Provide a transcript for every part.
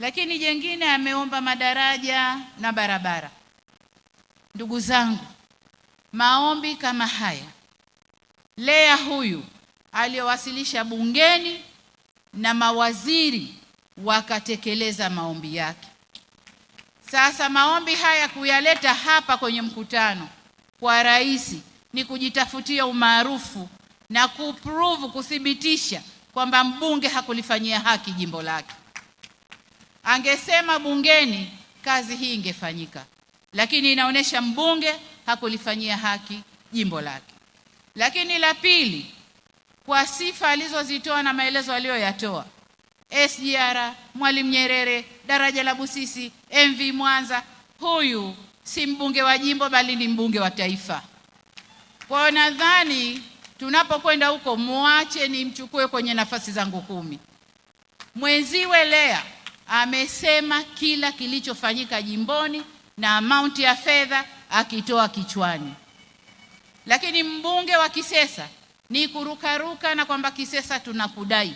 Lakini jengine ameomba madaraja na barabara. Ndugu zangu, maombi kama haya lea huyu aliyowasilisha bungeni na mawaziri wakatekeleza maombi yake. Sasa maombi haya kuyaleta hapa kwenye mkutano kwa rais ni kujitafutia umaarufu na kuprove kuthibitisha kwamba mbunge hakulifanyia haki jimbo lake. Angesema bungeni, kazi hii ingefanyika, lakini inaonyesha mbunge hakulifanyia haki jimbo lake. Lakini la pili, kwa sifa alizozitoa na maelezo aliyoyatoa SGR, Mwalimu Nyerere, daraja la Busisi, MV Mwanza, huyu si mbunge wa jimbo bali ni mbunge wa taifa. Kwa nadhani tunapokwenda huko, muache nimchukue kwenye nafasi zangu kumi, mwenziwe Lea amesema kila kilichofanyika jimboni na amaunti ya fedha akitoa kichwani. Lakini mbunge wa Kisesa ni kurukaruka na kwamba Kisesa tunakudai,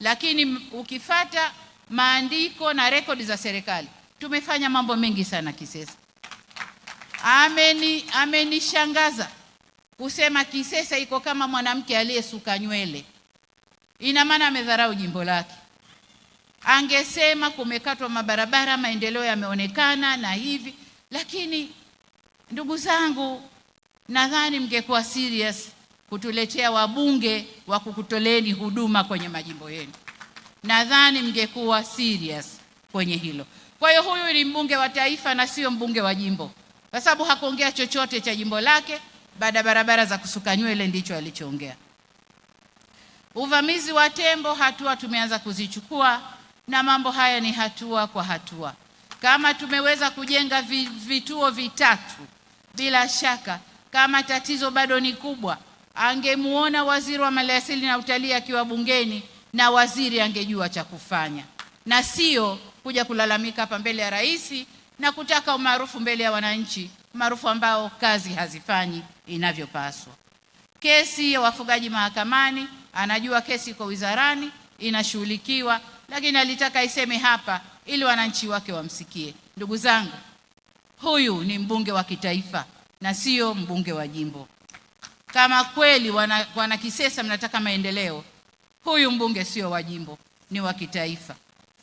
lakini ukifata maandiko na rekodi za serikali tumefanya mambo mengi sana Kisesa. Ameni, amenishangaza kusema Kisesa iko kama mwanamke aliyesuka nywele, ina maana amedharau jimbo lake angesema kumekatwa mabarabara, maendeleo yameonekana na hivi. Lakini ndugu zangu, nadhani mngekuwa serious kutuletea wabunge wa kukutoleeni huduma kwenye majimbo yenu, nadhani mngekuwa serious kwenye hilo. Kwa hiyo huyu ni mbunge wa taifa na sio mbunge wa jimbo, kwa sababu hakuongea chochote cha jimbo lake. Baada ya barabara za kusuka nywele, ndicho alichoongea. Uvamizi wa tembo, hatua tumeanza kuzichukua na mambo haya ni hatua kwa hatua. Kama tumeweza kujenga vituo vitatu, bila shaka kama tatizo bado ni kubwa, angemuona waziri wa maliasili na utalii akiwa bungeni na waziri angejua cha kufanya, na sio kuja kulalamika hapa mbele ya rais na kutaka umaarufu mbele ya wananchi, maarufu ambao kazi hazifanyi inavyopaswa. Kesi ya wafugaji mahakamani, anajua kesi iko wizarani inashughulikiwa lakini alitaka iseme hapa ili wananchi wake wamsikie. Ndugu zangu, huyu ni mbunge wa kitaifa na sio mbunge wa jimbo. Kama kweli wana, wana Kisesa mnataka maendeleo, huyu mbunge sio wa jimbo, ni wa kitaifa.